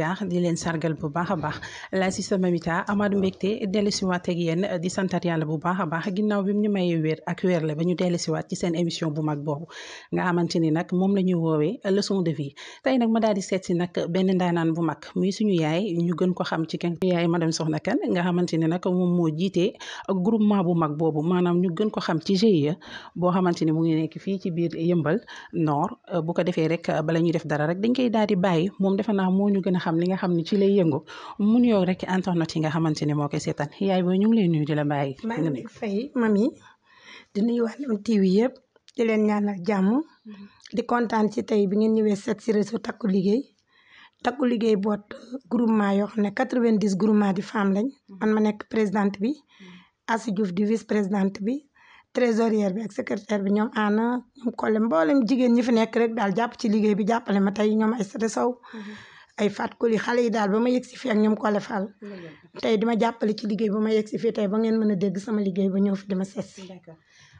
ziar di leen sargal bu baax a baax la si sama mita Amadou Mbégte dellusiwaat ak yéen di santat bu baax a baax ginnaaw bi mu ñu mayee wér ak wér la ba ñu dellusiwaat ci seen émission bu mag boobu nga xamante ni nag moom la ñuy woowee leçon de vie tey nag ma daal di seet si nag benn ndaanaan bu mag muy suñu yaay ñu gën ko xam ci kenn yaay madame Soxna Kane nga xamante ni nag groupement bu mag boobu maanaam ñu gën ko xam ci GIE boo xamante ni mu ngi nekk fii ci biir yëmbal nord bu ko defee rek bala ñuy def dara rek ñu gën a xam li nga xam ne ci lay yëngu mun yow rek ne moo di la bàyyi. maa ngi fay mami di mm-hmm. di kontaan ci tey bi ngeen ñëwee seet si réseau takku liggéey takku liggéey boot groupement yoo xam ne quatre-vingt-dix groupement di femme mm-hmm. man ma nekk présidente bi. Mm-hmm. Asi Diouf di vice présidente bi. trésorière bi ak secrétaire bi ñoom ana ñoom Kole mboolem jigéen ñi fi nekk rek daal jàpp ci liggéey bi jàppale ma tey ñoom ay ay fatkuli xalé yi dal bama ma fi si fii ak ñoom Kole Fall dima jappali ci liggey bama ma fi tay ba ngeen mëna dégg sama liggey ba ñëw fi dima seet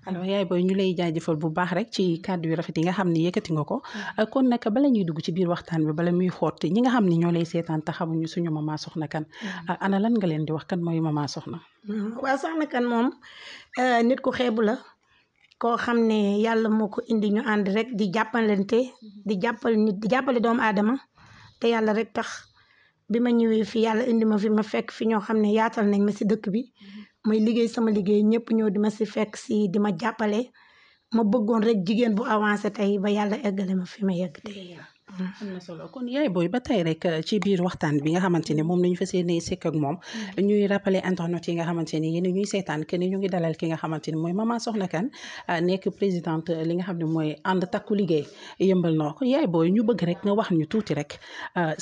alors yaay boy ñu lay jaajëfal bu baax rek ci cadre yu rafet yi nga xamni yëkëti nga ko mm. kon nak bala ñuy dugg ci biir waxtaan bi bala muy xoot ñi nga xamni ne ñoo lay seetaan suñu mama soxna kan mm. ana lan nga leen di wax kan moy mama soxna mm. wa soxna kan euh nit ku xébu la ko xam yalla moko ko indi ñu and rek di jappalante di jappal nit di doom te yàlla rek tax bi ma ñëwee fi yàlla indi ma fi ma fekk fi ñoo xam ne yaatal nañ ma si dëkk bi mm-hmm. may liggéey sama liggéey ñëpp ñëw di ma si fekk si di ma jàppale ma bëggoon rek jigéen bu avancé tey ba yàlla eggalee ma fi ma yegg tey am na solo kon yaay booy ba tey rek uh, ci biir waxtaan bi nga xamante moom la ñu fas yéene sekk moom mm-hmm. ñuy rappeler internautes yi nga xamante ni yéen ñuy Soxna Kane uh, nekk présidente uh, li nga xam ne mooy ànd takku liggéey yëmbal noo ko yaay booy ñu bëgg rek nga wax ñu tuuti rek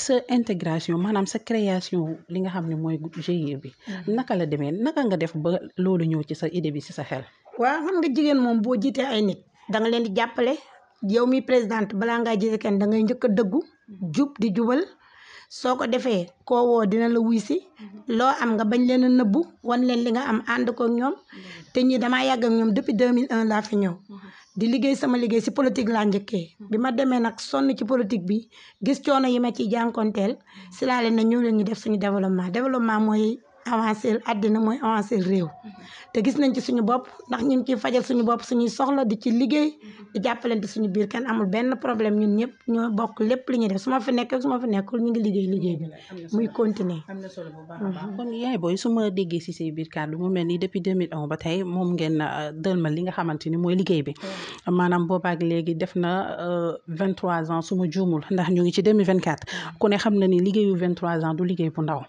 sa intégration maanaam sa création li nga xam ne mooy GIE bi mm-hmm. naka la demee naka nga def ba loolu ñëw ci sa idée bi si sa xel waaw xam nga jigéen moom boo jiitee ay nit leen jàppale yow mi présidente balaa ngaa jël kenn da ngay njëkk a dëggu jub di jubal soo ko defee koo woo dina la wuy si loo am nga bañ leen a nëbbu wan leen li nga am ànd ko ñoom te ñi damaa yàgg ak ñoom depuis 2001 laa fi ñëw di liggéey sama liggéey si politique laa njëkkee bi ma demee nag sonn ci politique bi gis coono yi ma ciy jànkonteel si laa leen na ñëw leen ñu def suñu développement développement mooy avancé àddina mooy avancé réew mm-hmm. te gis nañ ci suñu bopp ndax ñu ngi fajal suñu bopp suñuy soxla di ci liggéey mm-hmm. di jàppalante suñu biir kenn amul benn problème ñun ñëpp ñoo bokk lépp li ñuy def su ma fi nekk su ma fi nekkul ñu ngi liggéey liggéey bi muy continuer. am na solo bu baax mm-hmm. booy su ma déggee si say biir kàddu mu mel ni depuis 2001 ba tey moom ngeen euh, dëlmal li nga xamante ni mooy liggéey bi maanaam boobaak léegi def na 23 euh, ans su ma juumul ndax ñu ngi ci 2024 ku ne xam na ni liggéeyu 23 ans du liggéey bu ndaw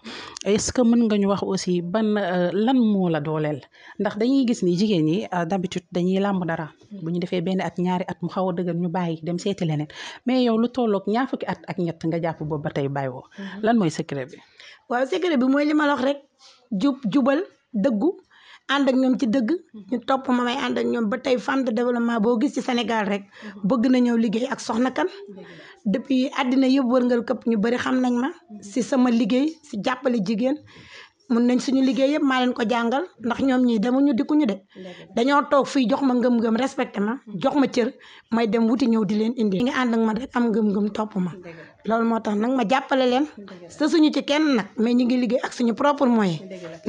est que mën nga wax aussi ban euh, lan moo la dooleel ndax dañuy gis ni jigéen ñi euh, d'habitude dañuy làmb dara bu ñu defee benn at ñaari at mu xaw a dëgër ñu bàyyi dem seeti leneen mais yow lu tolloog ñaar fukki at ak ñett nga jàpp boobu ba tey bàyyiwoo mhm. lan mooy secret bi waaw secret bi mooy li ma wax rek jub jubal dëggu ànd ak ñoom ci dëgg ñu mhm. topp ma may ànd ak ñoom ba tey femme de développement boo gis ci Sénégal rek mhm. bëgg na ñëw liggéey ak soxna kan depuis àddina yëpp wërngal këpp ñu bëri xam nañ ma si sama liggéey si jàppale jigéen mun nañ suñu liggéey yëpp ma leen ko jàngal ndax ñoom ñii demuñu dikkuñu de dañoo toog fi jox ma ngëm-ngëm ma jox ma cër may dem wuti ñëw di leen indi. nga ànd ak man rek am ngëm-ngëm topp ma loolu moo tax nag ma jàppale leen sa suñu ci kenn nag mais ñu ngi liggéey ak suñu propre moyen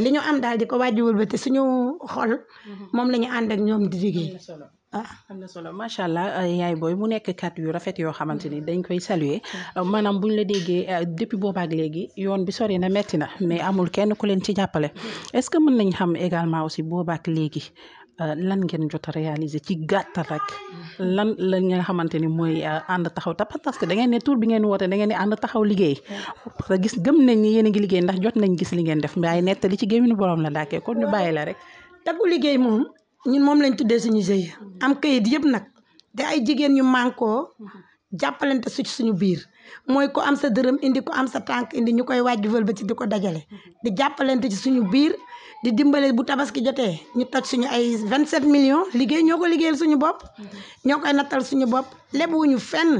li ñu am daal di ko wàjjiwul ba te suñu xol moom la ñu ànd ak ñoom di liggéey ah am na solo macha allah euh, yaay booy mu nekk kàddu yu rafet yoo xamante ni dañ koy saluer euh, maanaam bu ñu la déggee euh, depuis boobaak léegi yoon bi sori na metti na mais amul kenn ku leen ci jàppale est-ce que mën nañ xam également aussi boobaak léegi Euh, lan ngeen jot a réaliser ci gàttal rek lan la xamante ni mooy euh, ànd taxaw ta parce que da ngeen ne tour bi ngeen woote da ngeen ne ànd taxaw liggéey parce que gis gëm nañ ni yéen a ngi liggéey ndax jot nañ gis li ngeen def waaye nettali ci gémmiñu borom la dàkkee kon ñu bàyyi la rek taggu liggéey moom ñun moom lañ tuddee suñu GIE am kayit yëpp nag te ay jigéen ñu mànkoo jàppalante su suñu biir mooy ku am sa dërëm indi ko am sa tànk indi ñu koy wàjjuwal ba ci di ko dajale di dimbale bu tabaski jotee ñu toj suñu ay vingt 27 million liggéey ñoo ko liggéeyal suñu bopp. ñoo koy nattal suñu bopp lebuñu fenn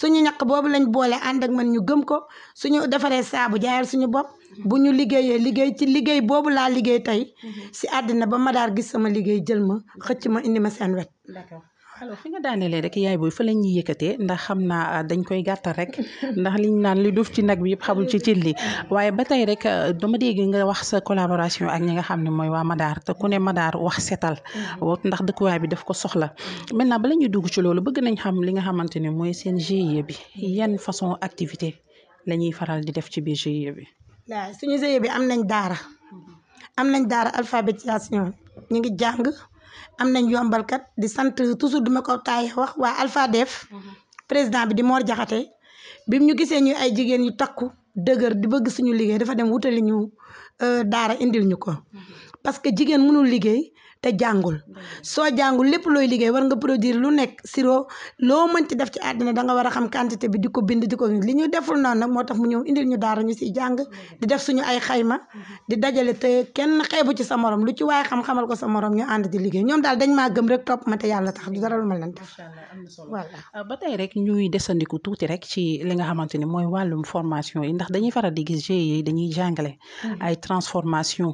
suñu ñaq boobu lañ boole ànd ak man ñu gëm ko suñu defaree saabu jaayal suñu bopp. bu ñu liggéeyee liggéey ci liggéey boobu laa liggéey tey. Mhm. si àddina ba ma daar gis sama liggéey jël ma xëcc ma indi ma seen wet. d'accord. alors fi nga daanelee rek yaay boy fa la ñuy yëkkatee ndax xam naa dañ koy gàttal rek ndax liñ naan li duuf ci nag bi yëpp xamul ci cin li waaye ba tey rek dama dégg nga wax sa collaboration ak ñi nga xam ne mooy waa Madaar te ku ne madar wax setal ndax dëkkuwaay bi daf ko soxla maintenant bala ñuy dugg ci loolu bëgg nañ xam li nga xamante ne mooy seen GIE bi yan façon activité la ñuy faral di def ci biir GIE bi. waaw suñu GIE bi am nañ daara am nañ daara alphabétisation ñu ngi jàng. am nañ yombalkat di sant toujours duma ko taay wax waa Alpha Def mhm. président bi di Mor Jaxate bi ñu gisee ñu ay jigéen yu takku dëgër di bëgg suñu liggéey dafa dem wutali ñu euh, daara indil ñu ko mhm. parce que jigéen mënul liggéey te jàngul soo jàngul lépp looy liggéey war nga produir lu nekk siroo loo mënti def ci àddina danga war a xam quantité bi di ko bind di ko li ñu deful na nag moo tax mu ñëw indil ñu daara ñu ci jàng di def suñu ay xayma di dajale te kenn xeebu ci sa morom lu ci waaye xam-xamal ko sa morom ñu ànd di liggéey ñoom daal dañ maa gëm rek topp ma te yàlla tax du dara lu ma leen euh, ba tey rek ñuy desandiku tuuti rek ci li nga xamante ni mooy wàllum formation yi ndax dañuy faral di gis dañuy jàngale mm-hmm. ay transformation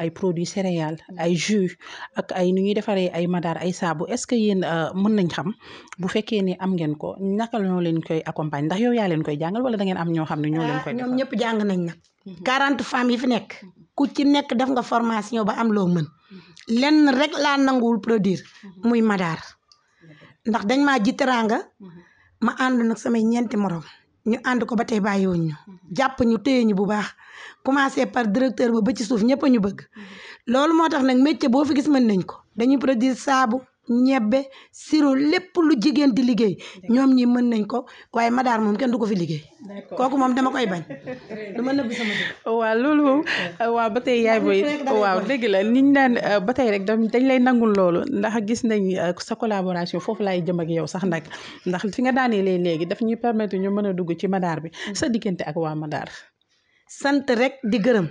ay produits céréales ay jus ak ay nu ñuy defaree ay madaar ay saabu est-ce que yéen euh, mën nañ xam bu fekkee ne am ngeen ko naka la ñoo leen koy accompagne ndax yow yaa leen koy jàngal wala da am ñoo xam ne ñoo leen ah, koy ñoom ñëpp jàng nañ na mhm. quarante femmes yi fi nekk mhm. ku ci nekk def nga formation ba am loo mën mhm. lenn rek laa nanguwul produire muy madaar ndax dañ maa ji teraanga ma ànd nag samay ñeenti morom ñu ànd ko ba tey bàyyiwuñ ñu jàpp ñu téye ñu bu baax commencé par directeur ba ba ci suuf ñëpp ñu bëgg loolu moo tax nag métier boo fi gis mën nañ ko dañuy produire saabu ñebbe siro lépp lu jigéen di liggéey ñoom ñii mën nañ ko waaye madaar moom kenn du ko fi liggéey kooku moom dama koy bañ du ma nëbb sama ba tey yaay booy waaw dëgg la niñ euh, ba tey rek dañ lay nangul loolu ndax gis nañ euh, sa collaboration foofu laay jëm ak yow sax nag ndax fi nga daanee lay léegi daf ñuy permettre ñu mën a dugg ci madaar bi mm. sa diggante ak waa madaar sant rek di gërëm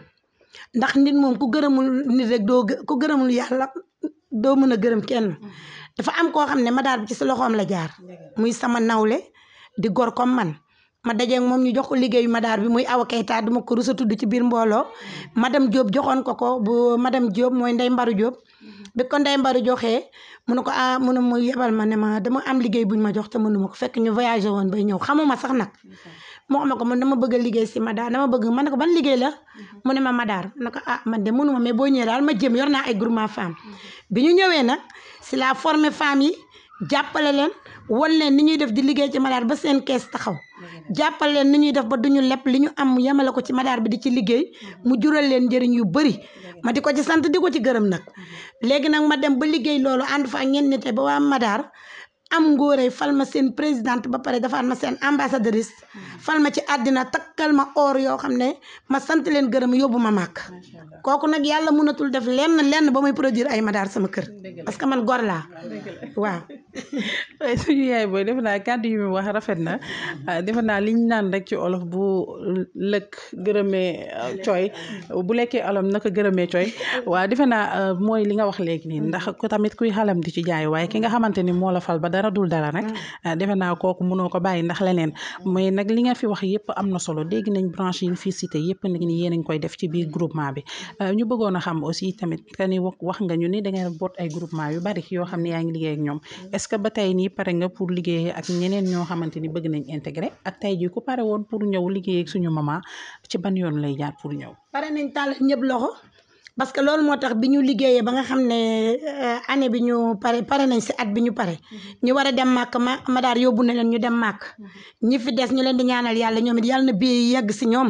ndax nit moom ku gërëmul nit rek doo ku gërëmul yàlla doo mën a gërëm kenn mm-hmm. dafa am koo xam ne madaar bi ci sa loxoom la jaar muy sama naw le di gor comme man ma dajeeg moom ñu jox ko liggéeyu madaar bi muy awa kayta duma ko rusa tudd ci biir mbooloo mm-hmm. madame Diop joxoon ko ko bu madame Diop mooy Ndey Mbaru Diop mm-hmm. bi ko Ndey Mbaru joxee mu ne ko a ah, mu ne mu yebal ma ne ma dama am liggéey buñ ma jox te mënuma ko fekk ñu voyagé woon bay ñëw xamuma sax nag moo ma ko na ma bëgg a liggéey si Madaar dama bëgg man ne ko ban liggéey la mhm. mu ne ma Madaar ne ko ah man de mënuma mais boo ñëwee daal ma jëm yor ay groupement femme mhm. bi ñu ñëwee nag si la former femme yi jàppale leen wan leen ni ñuy def di liggéey ci Madaar ba seen kees taxaw jàppale leen ni ñuy def ba duñu lepp li ñu am yemale ko ci Madaar bi di ci liggéey mhm. mu jural leen njëriñ yu bëri ma di ko ci sant di ko ci gërëm nag léegi nag ma dem ba liggéey loolu ànd fa ak ñenn nit ba waa Madaar am ngóoree fal ma seen présidente ba pare defaat ma seen ambassadrice fal ma ci àddina takkal ma or yoo xam ne ma sant leen gërëm yóbbu ma màkk kooku nag yàlla mënatul def lenn lenn ba muy produire ay madaar sama kër parce que man gor laa waaw suñu yaay booy defe naa kàddu yu mu wax rafet na ah, defe naa liñ naan rek ci olof bu lëkk gërëmee ah, cooy bu lekkee olof naka gërëmee cooy waaw defe naa euh, mooy li nga wax léegi nii ndax tamit kuy xalam di ci jaay waaye dara dul dara nag mm. ah, defe naa kooku mënoo ko bàyyi ndax leneen mais mm. nag li fi wax yëpp am na solo dég nañ branche yi ñu fi cité yëpp nag ni yéen a koy def ci biir groupement bi mm. ah, ñu bëggoon a xam aussi tamit que wax nga ñu ni da ngeen boot ay groupement yu bari yoo xam ne yaa ngi liggéey ak ñoom est-ce que ba tey nii pare nga pour liggéey ak ñeneen ñoo xamante ni bëgg nañ intégré ak tey jii ku pare woon pour ñëw liggéey ak suñu maman ci ban yoon lay jaar pour ñëw pare nañ tàll ñëpp loxo parce que loolu moo tax bi ñu liggéeyee ba nga xam ne euh, année bi ñu pare pare nañ si at bi ñu pare mm-hmm. ñu war a dem màkk ma madaar yóbbu na leen ñu dem màkk mm-hmm. ñi fi des ñu leen di ñaanal yàlla ñoom it yàlla na bii yàgg si ñoom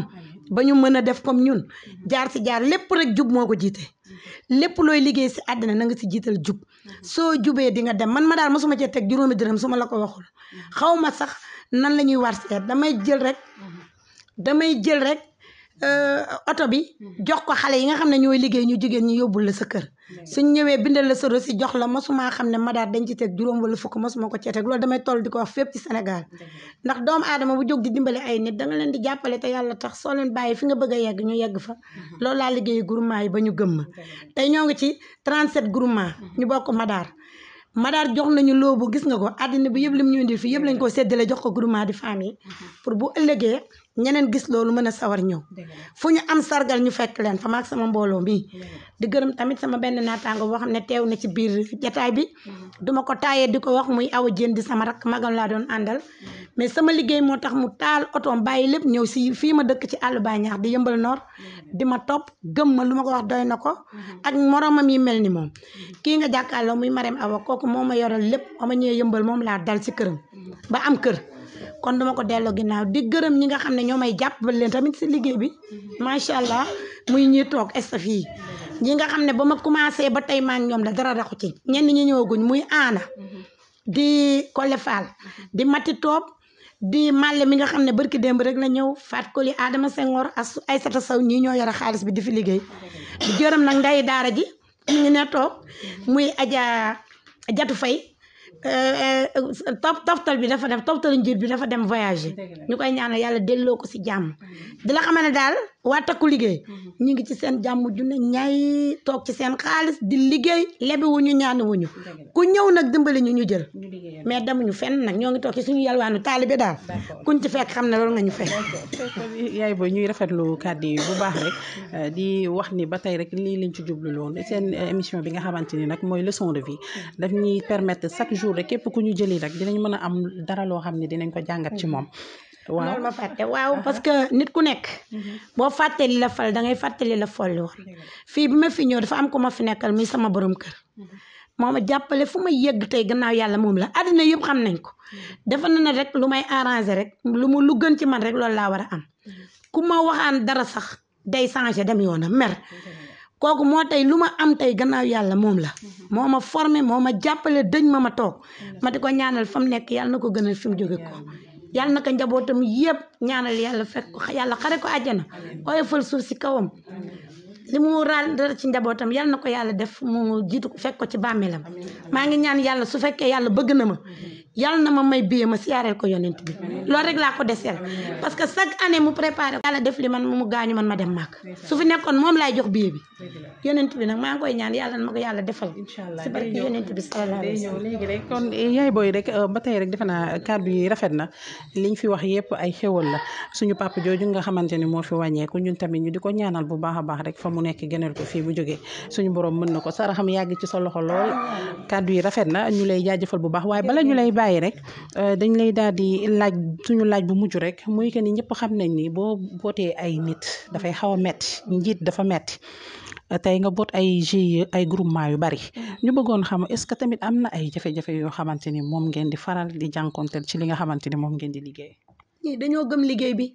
ba ñu mën a def comme ñun mm-hmm. jaar si jaar lépp rek jub moo ko jiite lépp looy liggéey si àddina na nga si jiital jub soo jubee di nga dem man ma daal mosuma cee teg juróomi dërëm su suma la ko waxul xaw ma sax nan la ñuy war seet damay jël rek damay jël rek Euh, oto bi mhm. jox ko xale yi nga xam ne ñooy liggéey ñu jigéen ñi yóbbul la sa kër suñ ñëwee bindal la sa reçu jox la masumaa xam ne madaar dañ ci teg juróom wala fukk masuma ko cee teg loolu damay toll di ko wax fépp ci Sénégal ndax doomu aadama bu jóg di dimbale ay nit da leen di jàppale te yàlla tax soo leen bàyyi fi nga bëgg a yegg ñu yegg fa mhm. lool laa liggéey groupement yi ba ñu gëmm tey ñoo ngi ci 37 groupement mhm. ñu bokk madaar madaar jox nañu loobu gis nga ko àddina bi yëpp lim ñu indil fi yëpp lañ ko séddale jox ko groupement di famille pour bu ëllëgee ñeneen gis loolu mën a sawar ñëw fu ñu am sargal ñu fekk leen fa maak sama mbooloo mi di gërëm tamit sama benn naataango wax ne teew na ci biir jataay bi mm-hmm. duma ko taayee di ko wax muy aw jën di sama rakk magam laa doon àndal mm-hmm. mais sama liggéey moo tax mu taal otoom bàyyi lépp ñëw si fii ma dëkk ci àll ba ñaax di yëmbal noor mm-hmm. di ma topp gëm ma lu ma ko wax doy na ko ak moromam yi mel ni moom kii nga jàkkaarloo muy Marème Awa kooku moo ma yoral lépp ma ñëwee yëmbal moom laa dal si këram am kër kon dama ko delloo ginnaaw di gërëm ñi nga xam ne ñoom may jàppale leen tamit si liggéey bi macha allah muy ñuy toog estaf yi ñi nga xam ne ba ma commencé ba tey maa ñoom la dara raxu ci ñenn ñi ñëwaguñ muy aana di Kole Fall di Mati toog di male mi nga xam ne barki démb rek na ñëw Faat Koli Adama Senghor as Aysata Saw ñii ñoo yore xaalis bi di fi liggéey di gërëm nag nday daara ji ñu ne toog muy Adja Jatu Fay Euh, euh, euh, top toftal bi dafa dem toftalu njiit bi dafa dem voyager ñu koy ñaanal yàlla delloo ko si jàmm di la xamal ne daal waa takku liggéey. Mhm. ñu ngi ci seen jàmm ju ne ñaay toog ci seen xaalis di liggéey lebi wuñu ñaan wuñu ku ñëw nag dimbali ñu ñu jël. mais demuñu fenn nag ñoo ngi toog ci suñu yalwaanu taalibe daal. kuñ ci fekk xam ne loolu nga ñu fekk. yaay booy ñuy rafetlu kàddu yi bu baax rek euh, di wax ni ba tey rek lii lañ ci jublu loon seen émission bi nga xamante ni nag mooy leçon de vie daf ñuy permettre chaque jour rek képp ku ñu jëli rek dinañ mën a am dara loo xam ne dinañ ko jàngat ci moom. Mm-hmm. waaw ma waaw parce que nit ku nekk. Mhm. boo fàtte li la fal da ngay fàtte la folli woon. fii bi ma fi ñëw dafa am ko ma fi nekkal muy sama borom kër. Mhm. moo ma jàppale fu ma yegg tey gannaaw yàlla moom la àddina yëpp xam nañ ko. Mhm. dafa na ne rek lu may arranger rek lu mu lu gën ci man rek loolu laa war a am. ku ma waxaan dara sax day changé dem yoonam mer. kooku moo tey lu ma am tey gannaaw yàlla moom la moo ma formé moo ma jàppale dëñ ma ma toog ma di ko ñaanal fa mu nekk yàlla na ko gënal fi mu jóge ko yàlla naka njabootam yëpp ñaanal yàlla fekk yàlla xare ko na àjjana oyofal suuf si kawam li mu raal dara ci njabootam yàlla na ko yàlla def mu jiitu ko fekk ko ci bàmmeelam maa ngi ñaan yàlla su fekkee yàlla bëgg na ma yàlla na ma may biyee ma siyaareel ko yonent bi loolu rek laa ko deseel parce que chaque année mu préparé man mu gaañu man ma dem màkk su fi nekkoon moom laay jox biyee bi yonent bi nag maa ngi koy ñaan yàlla na ma ko yàlla defal si barke yonent bi sallallahu alayhi wa euh, ba tey rek defe naa kàddu yi rafet na liñ fi wax yëpp ay xéwal la suñu papa jooju nga xamante ni moo fi wàññeeku ñun tamit ñu di ko ñaanal bu baax a baax rek fa mu nekk gënal ko fii bu jógee suñu borom mën na ko saraxam yàgg ci sa loxo lool kàddu yi rafet na ñu lay jaajëfal bu baax waaye bala ñu lay bàyyi rek euh, dañ lay daal di laaj ñu laaj bu mujj rek muy que ni ñëpp xam nañ ni boo bootee ay nit dafay xaw a metti njiit dafa metti tey nga boot ay GIE ay groupement yu bari mm-hmm. ñu bëggoon xam est-ce que tamit am na ay jafe-jafe yoo xamante ni moom ngeen di faral di jànkonteel ci li nga xamante ni moom ngeen di liggéey. ñii dañoo gëm liggéey bi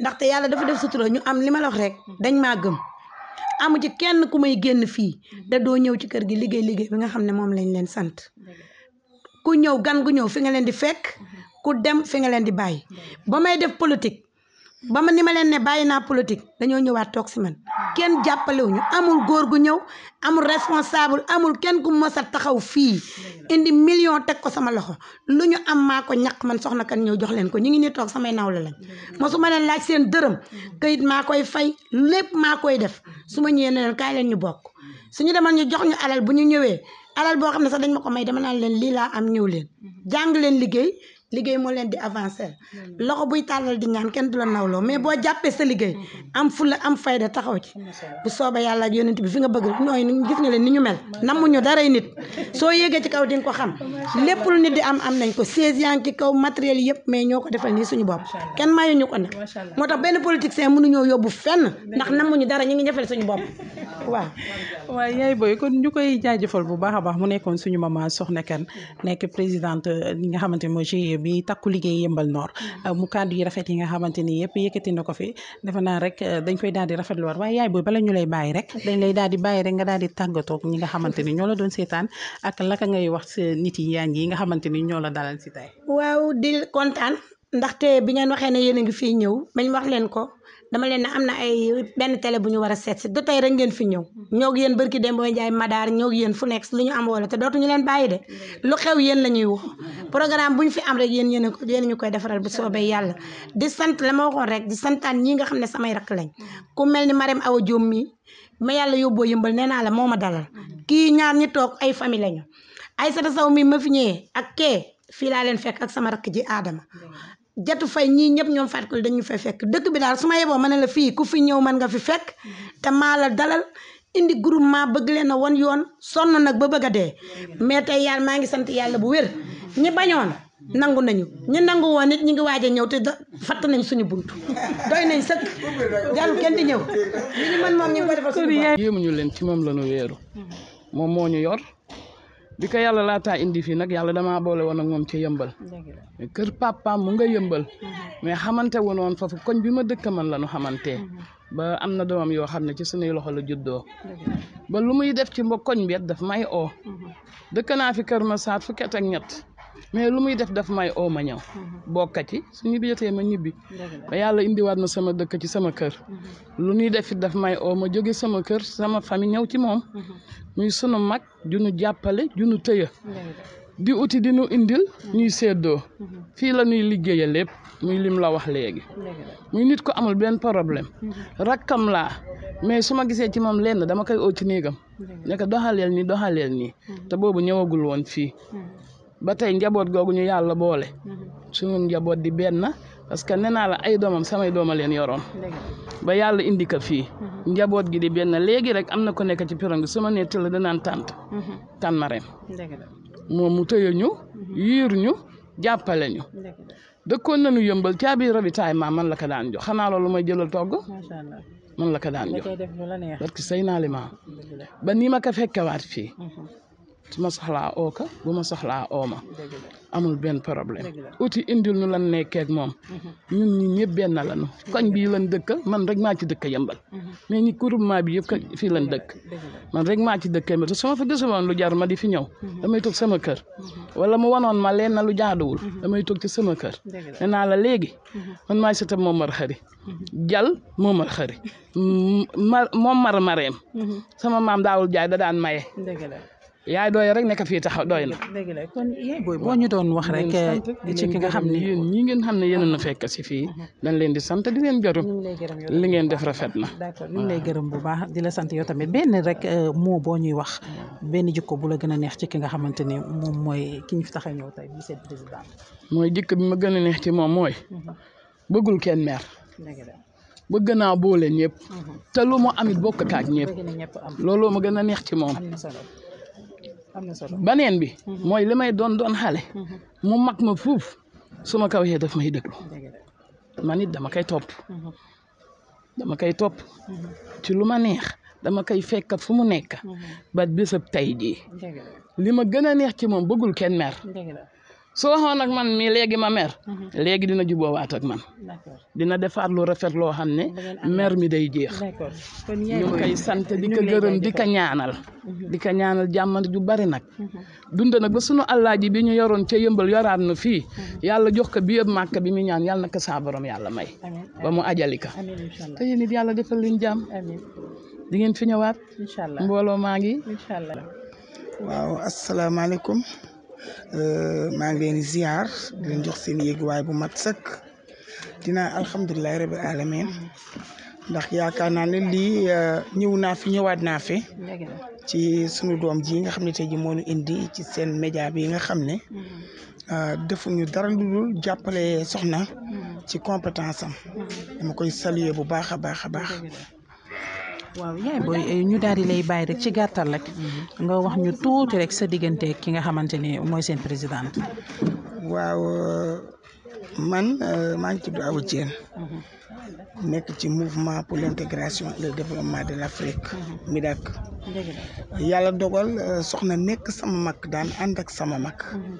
ndaxte yàlla dafa def sutura ñu am li ma rek dañ maa gëm. amu ci kenn ku may génn fii da doo ñëw ci kër gi liggéey liggéey bi nga xam ne moom lañ leen sant ku ñëw gan gu ñëw fi nga leen di fekk ku dem fi nga leen di bàyyi ba may def politique ba ma ni ma leen ne bàyyi naa politique dañoo ñëwaat toog si man kenn jàppalewuñu amul góor gu ñëw amul responsable amul kenn ku mës a taxaw fii indi million teg ko sama loxo lu ñu am maa ko ñaq man soxna kan ñëw jox leen ko ñu ngi nii toog samay nawle lañ ma su ma leen laaj seen dërëm kayit maa koy fay lépp maa koy def su ma ñëwee ne leen kaay leen ñu bokk suñu ñu jox alal boo xam ne sax dañ ma ko may dama naan leen lii laa am ñëw leen mm-hmm. jàng leen liggéey liggéey moo leen di avancer loxo buy tàllal di ñaan kenn du la ah. nawloo mais boo jàppee sa liggéey mm-hmm. am fulla am fayda taxaw ci bu sooba yàlla ak yonent bi fi nga bëgg nooy gis nga leen ni ñu mel namuñu daray nit soo yéegee ci kaw di xam lépp lu nit am am nañ ko siège yaa ci kaw matériel yëpp mais ñoo ko defal nii suñu bopp kenn mayuñu ko moo tax benn politicien mënuñoo yóbbu fenn ndax namuñu dara ñu ngi jafel suñu bopp waaw waaw yaay ñu koy jaajëfal bu baax a baax mu nekkoon suñu maman Soxna Kane nekk présidente euh, li nga xamante mooy liggéey bi takku liggéey yëmbal noor hmm. mu kàddu yi rafet yi nga xamante ni yëpp yëkkati ko fi defe naa rek eh, dañ koy daal di rafetlu war waaye yaay booy bala ñu lay rek dañ lay daal di rek nga daal di tàggatoog ñi nga xamante ni doon seetaan ak laka ngay wax nit yi yaa nga xamante ni ñoo si tey waaw di kontaan ndaxte bi ngeen waxee a ngi fii ñëw mañ wax leen ko dama leen ne am na ay benn télé bu ñu war a seet si du tey ngeen fi ñëw mm-hmm. ñoo ngi yéen barki Demba Ndiaye Madaar ñoo ngi yéen fu nekk lu ñu am wala te dootuñu leen bàyyi de mm-hmm. lu xew yéen la ñuy wax mm-hmm. programme bu ñu fi am rek yéen yéen yéen ñu koy defaral bu soobee yàlla di sant la ma waxoon rek di santaan ñi nga xam ne samay rakk lañ ku mel ni ma rem Awa Diom mi ma yàlla yóbboo yëmbal nee naa la moo ma dalal kii ñaar ñi toog ay famille lañu Aïssata Sow mi ma fi ñëwee ak kee fii laa leen fekk ak sama rakk ji Adama jatu fay ñii ñëpp ñoom faat ko dañu fay fekk dëkk bi daal su ma yeboo ma ne la fii ku fi ñëw man nga fi fekk te maa la dalal indi groupement bëgg leen a wan yoon sonn nag ba bëgg a dee mais tey yaal maa ngi sant yàlla bu wér ñi bañoon nangu nañu ñi nangu woon it ñi ngi waaj ñëw te fatt nañ suñu bunt doy nañ sëkk jarul kenn di ñëw li ñu mën moom ñu ngi ko defal suñu leen ci moom la ñu wéeru moom moo ñu yor bi ko yàlla laataa indi fii nag yàlla damaa boole woon ak moom ca yëmbal kër papaam mu nga yëmbal mm-hmm. mais xamante woon woon foofu koñ bi ma dëkk man la ñu xamante mm-hmm. ba am na doom yoo xam ne ci suñuy loxo la juddoo ba lu muy def ci mba koñ bi daf may oo mm-hmm. dëkk naa fi kër ma saat fukki at ak ñett mais lu muy def def may oo ma ñëw mhm. bokka ci suñu bi jotee ma ñibbi ba yàlla indiwaat na sama dëkk ci sama kër mhm. lu ñuy def it daf may oo ma jóge sama kër sama famille ñëw ci moom mhm. muy sunu mag junu jàppale junu tëya di uti di nu indil ñuy séddoo fii la ñuy liggéeya lépp muy lim la wax léegi muy nit ko amul benn problème rakkam laa mais su ma gisee ci moom lenn dama koy oo ci néegam doxaleel nii doxaleel nii te boobu ñëwagul woon fii ba tey njaboot googu ñu yàlla boole mm-hmm. suñu njaboot di benn parce que nee naa la ay doomam samay dooma leen yoroon ba yàlla indi ko fii mm-hmm. njaboot gi di benn léegi rek am na ko nekk ci piron bi sama netti la danaan tànt tàn mm-hmm. ma moom mu tëye ñu yiir ñu jàppale ñu dëkkoon nañu yëmbal caabi rabitaay ma man la ko daan jox xanaa loolu may jëlal togg man la ko daan jox parce say naa li ma ba nii fii su ma soxlaa oo ka bu ma soxlaa oo ma amul benn problème uti indil nu lan nekkee moom mhm. ñun ñi ñëpp benn lanu koñ bii lan dëkk man rek maa ci dëkk yëmbal mhm. mais ñi groupement bi yëpp fii lan dëkk man rek maa ci dëkk yëmbal te su ma fa gisoon lu jar ma di fi ñëw mhm. damay toog sama kër wala mu wanoon ma leen na lu jaaduwul damay toog ci sama kër nee naa la léegi man maay sëtam moom mar xëri jal moom mar xëri moom mar mareem sama maam daawul jaay da daan maye yaay dooy rek nekk fii taxaw dooy na. dëgg la kon yaay boo ñu doon wax rek. ci ki nga xam ni yéen ñi ngeen xam ne yéen na fekk si fii. dañ leen di sant di leen gërëm. li ngeen def rafet na. d'accord ñu lay gërëm bu baax di sant yow tamit benn rek euh, moo boo ñuy wax benn jikko bu la gën a neex ci ki nga xamante ni moom mooy ki ñu fi tax a ñëw tey mooy jikko bi ma gën a neex ci moom mooy. bëggul kenn meer. gën naa boole ñëpp. te lu mu amit bokk ak ñëpp. loolu ma gën a neex ci moom baneen bi mhm. mooy li may doon doon xale mhm. mu mag ma fuuf su ma kaw yee daf may déglu man it dama koy topp mhm. dama koy topp ci lu ma neex dama koy fekk fu mu nekk ba bésab tey jii li ma gën a neex ci moom bëggul kenn mer su waxoon ak man mii léegi ma mer. Mhm. léegi dina juboowaat ak man. dina defaat lu rafet loo xam ne. mer mi day jeex. ñu koy sant di ko gërëm di ko ñaanal. Mhm. di ka ñaanal jàmm ju bari nag. Mhm. dund nag ba sunu allaaji bi ñu yoroon ca yëmbal yoraat na fii. yàlla jox ko bi yëpp màkk bi mu ñaan yàlla na ko saa borom yàlla may. ba mu ajalika. te yéen it yàlla defal leen jàmm. di ngeen fi ñëwaat. incha allah mbooloo maa ngi. incha allah waaw Euh, maa ngi leen di ziar di leen jox yéeguwaay bu mat sëkk dina alhamdulilahi rabil alamin ndax yaakaar naa ne lii euh, ñëw naa fi ñëwaat naa fi ci sunu doom ji nga xam ne tey ji moo ñu indi ci seen média bi nga xam ne mm-hmm. euh, defuñu dara lu dul jàppale soxna mm-hmm. ci compétence am mm-hmm. dama koy saluer bu baax a baax a baax waaw yaay booy eh, ñu daal yi lay bàyyi rek ci gàttal rek. nga wax ñu tuuti rek sa diggante ki nga xamante ne mooy seen présidente. waaw euh, man euh, maa ngi tudd Awa Dieng. Mhm. nekk ci mouvement pour l'intégration et le développement de l'Afrique. Mhm. MIDAC. yàlla dogal euh, soxna nekk sama mag daan ànd ak sama mag. Mhm.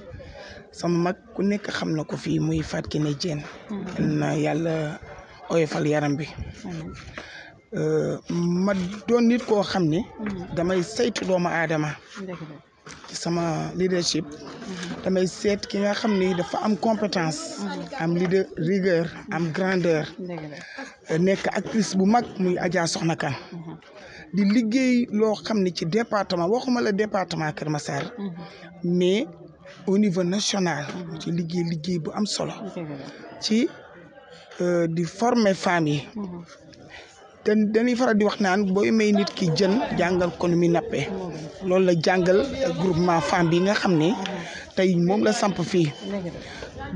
sama mag ku nekk xam na ko fii muy Fatou Kiné Dieng. na yàlla oyofal yaram bi. Euh, ma doon nit koo xam ne. damay saytu doomu aadama. ci sama leadership. damay seet ki nga xam ni dafa am compétence. am leader rigueur am grandeur. Euh, nekk actrice bu mag muy ajaa Soxna Kane. di liggéey loo xam ne ci département waxuma la département Kër Massar. mais au niveau national. ci liggéey liggéey bu am solo. ci euh, di former femmes yi. Mhm. te dañuy faral di wax naan booy may nit ki jën jàngal ko nu muy nappee loolu la jàngal groupement femme bi nga xam ne tey moom la samp fii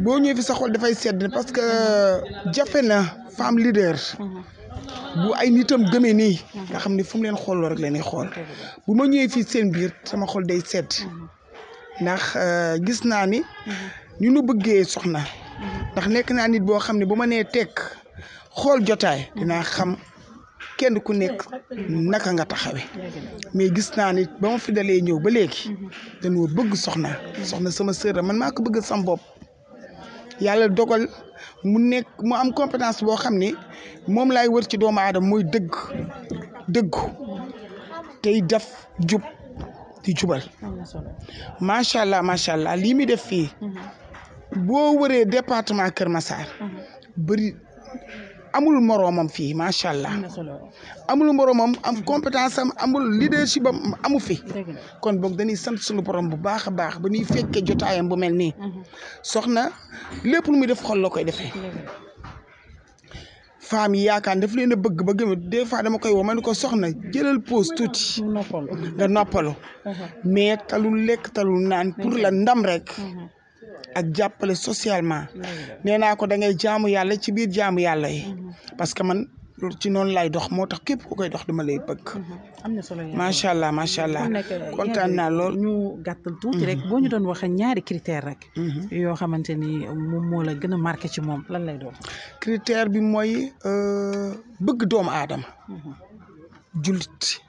boo ñëwee fi sa xol dafay sedd parce que jafe na femme leader. bu ay nitam gëmee nii. nga xam ne fu leen xooloo rek la ñuy xool bu ma ñëwee fii seen biir sama xol day sedd ndax euh, gis naa ni ñu nu bëggee soxna ndax nekk naa nit boo xam ne bu ma nee tekk xool jotaay dinaa xam. kenn ku nekk naka nga taxawee mais gis naa ni ba ma fi dalee ñëw ba léegi dañoo bëgg soxna soxna sama sœur la man maa ko bëgg sama bopp yàlla dogal mu nekk mu am compétence boo xam ne moom laay wër ci doomu aadama mooy dëgg dëggu tey def jub di jubal macha allah macha allah lii muy def fii boo wëree département Kër Massar mhm. bëri amul moroomam fii macha allah amul moroomam am compétence am amul leadership am amu fi kon boog dañuy sant suñu borom bu baax a baax ba ñuy fekkee jotaayam bu mel nii mhm. soxna lépp lu muy def xol la koy defee femme yi yaakaar daf leen a bëgg ba gëm des fois dama koy woo ma ko soxna jëlal pause tuuti nga noppalu mhm. mais talul lekk talul naan pour la ndam rek mhm. ak jàppale socialement nee naa ko da ngay yàlla ci biir jaamu yàlla yi mhm. parce que man ci noonu lay dox moo tax képp ku koy dox dama lay bëgg. Mhm. am na solo macha allah macha allah eh, kontaan naa lool. ñu gàttal rek mhm. boo ñu doon wax ñaari critère rek. yoo xamante ni moom la gën a marqué ci moom lan lay doon. critère bi mooy euh, bëgg doomu aadama. jullit.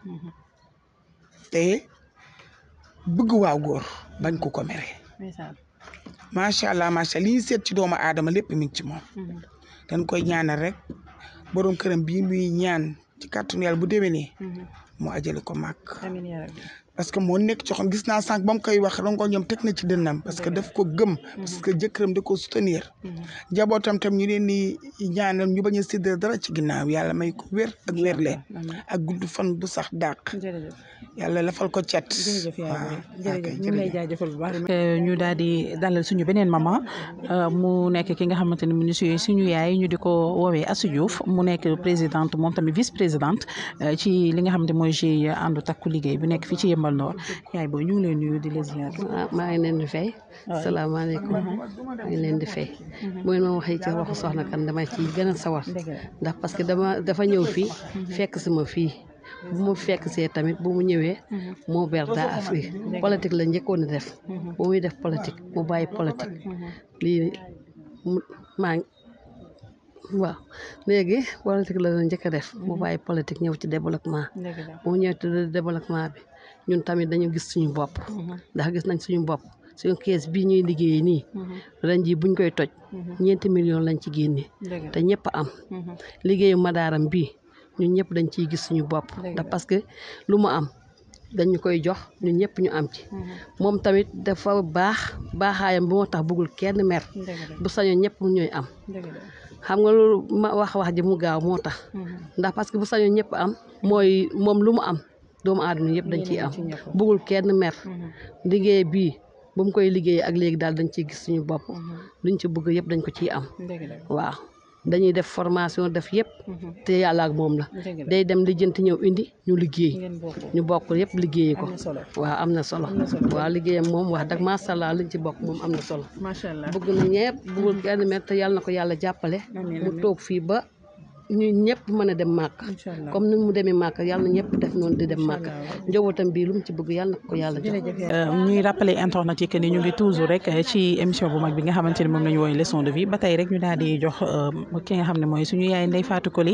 te bëgg waaw góor bañ ko ko mere. macha allah macha allah li ñu seet ci doomu aadama lépp mi ngi ci moom. Mm-hmm. dañ koy ñaanal rek borom këram bii muy ñaan ci kàttanu yàlla bu déwénee. Mm-hmm. mu ajali ko màkk. parce que mo nek ci xol gis na sank bam koy wax rongo ñom tek na ci dënnam parce que daf ko gëm parce que jëkërëm da ko soutenir mm-hmm. jabotam tam ñu leen ni ñaanal ñu baña a dara ci ginnaw yalla may ko wër ak wérle ak gudd fan bu sax dàq yàlla lafal ko cet waaw ñu lay jaajëfal bu baax euh, ñu daal di dalal suñu benen mama euh, mu nek ki nga xamanteni ne ñu suñu suñu yaay ñu diko ko asu Assou Diouf mu nek présidente mom tamit vice présidente euh, ci li nga xamanteni moy GIE andu takku liggéey bi nek fi ci yëmbal Xool Noor yaay booy ñu leen nuyu di la ziar ah, maa ngi leen di fay salaamaaleykum maa ngi leen di fay bu mhm. ma waxee ci waxu soxna kan dama ci gën sawar ndax parce que dama dafa ñëw fii mhm. fekk si ma bu mu fekk tamit bu mu berda mhm. Afrique politique la njëkkoon def bu muy def politique mu bàyyi politique lii maa waaw léegi politique la doon njëkk a def mu bàyyi politique ñëw ci développement bu ñëw ci développement bi ñun tamit dañu gis suñu bopp mhm. ndax gis nañ suñu bopp suñu kees bii ñuy liggéey nii mhm. ren ji buñ koy toj mhm. ñeenti million lañ ci génne te ñëpp am liggéeyu madaaram bii ñun ñëpp dañ ciy gis suñu bopp ndax parce que lu mu am dañu koy jox ñun ñëpp ñu am ci moom tamit dafa baax baaxaayam bu moo tax kenn mer bu sañoon ñëpp ñooy am xam nga loolu ma wax wax ji mu gaaw moo ndax parce que bu sañoon ñëpp am mooy moom lu am doomu aadama yëpp dañ ciy am bëggul kenn mer mhm. liggéey bii ba mu koy liggéey ak léegi daal dañ ciy gis suñu bopp mhm. luñ ci bëgg yëpp dañ ko ci am waaw dañuy def formation def yëpp mhm. te yàlla ak moom la day dem lijjanti ñëw indi ñu liggéey ñu bokk yëpp liggéeyi ko waaw am na solo waaw liggéeyam moom wax dëgg ma allah liñ ci bokk moom am na solo macha allah bëgg na ñëpp bëggul kenn mer te yàlla na ko yàlla jàppale mu toog fii ba ñu ñëpp mën a dem màkk comme ni mu demee màkk yàlla na ñëpp def noonu di dem màkk njabootam bii lu ci bëgg yàlla na ko yàlla jox euh, ñuy rappeler internet yi que ni ñu ngi mag bi nga xamante ne moom la ñu woowee leçon de jox euh, ki nga xam ne mooy su ñu yaay Ndeye Fatou Coly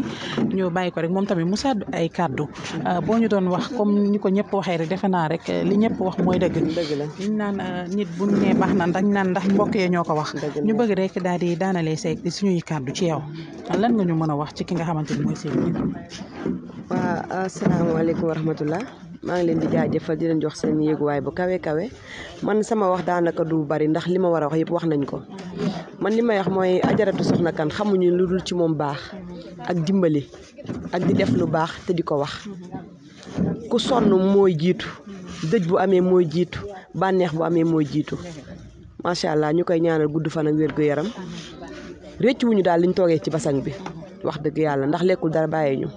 ñu bàyyi ko rek moom tamit mu sàddu ay kàddu euh, boo ñu doon wax comme ñu ko ñëpp waxee rek defe naa rek li ñëpp wax mooy dëgg ñu naan nit bu ñu nee na naan ndax mbokk yee ñoo ko wax ñu bëgg rek daal di daanalee say suñuy kàddu ci yow lan nga ñu mën a wax ki nga xamante ni mooy seen njiit. waa asalaamaaleykum wa rahmatulah maa ngi leen di jaajëfal di leen jox seen yéeguwaay bu kawe kawe man sama wax daanaka du bari ndax li ma war a wax yépp wax nañ ko man li may wax mooy ajaratu soxna kan xamuñu lu dul ci moom baax ak dimbali ak di def lu baax te di ko wax ku sonn mooy jiitu dëj bu amee mooy jiitu bànneex bu amee mooy jiitu macha allah ñu koy ñaanal gudd fan ak wér gu yaram réccuwuñu daal liñ toogee ci basang bi. wax dëgg yàlla ndax lekkul dara bàyyi ñu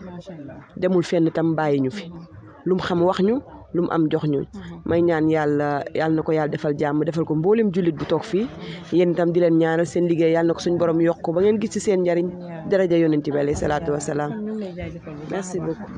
demul fenn tam bàyyi ñu fi mm-hmm. lu mu xam wax ñu lu mu am jox ñu mm-hmm. may ñaan yàlla yàlla na ko yàlla defal jàmm defal ko mboolem julit bu toog fii yéen itam di leen ñaanal seen liggéey yàlla na ko suñu borom yokk ko ba ngeen gis ci seen njariñ daraja yonent bi alayhi salaatu wasalaam merci beaucoup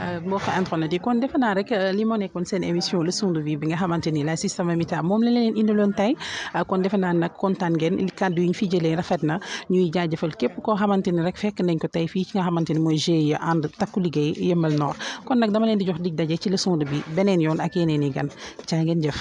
euh, mbokk internet yi kon defe naa rek euh, li moo nekkoon seen émission leçon de vie bi nga xamante ni la système amita moom la leen indiloon tey euh, kon defe naa nag kontaan ngeen kàddu yi ñu fi jëlee rafet na ñuy jaajëfal képp koo xamante ni rek fekk nañ ko tey fii ci nga xamante ni mooy GIE ànd takku liggéey yemal noor kon nag dama leen di jox dig daje ci le de bi beneen yoon ak yeneen yi gan Kane caa ngeen jëf.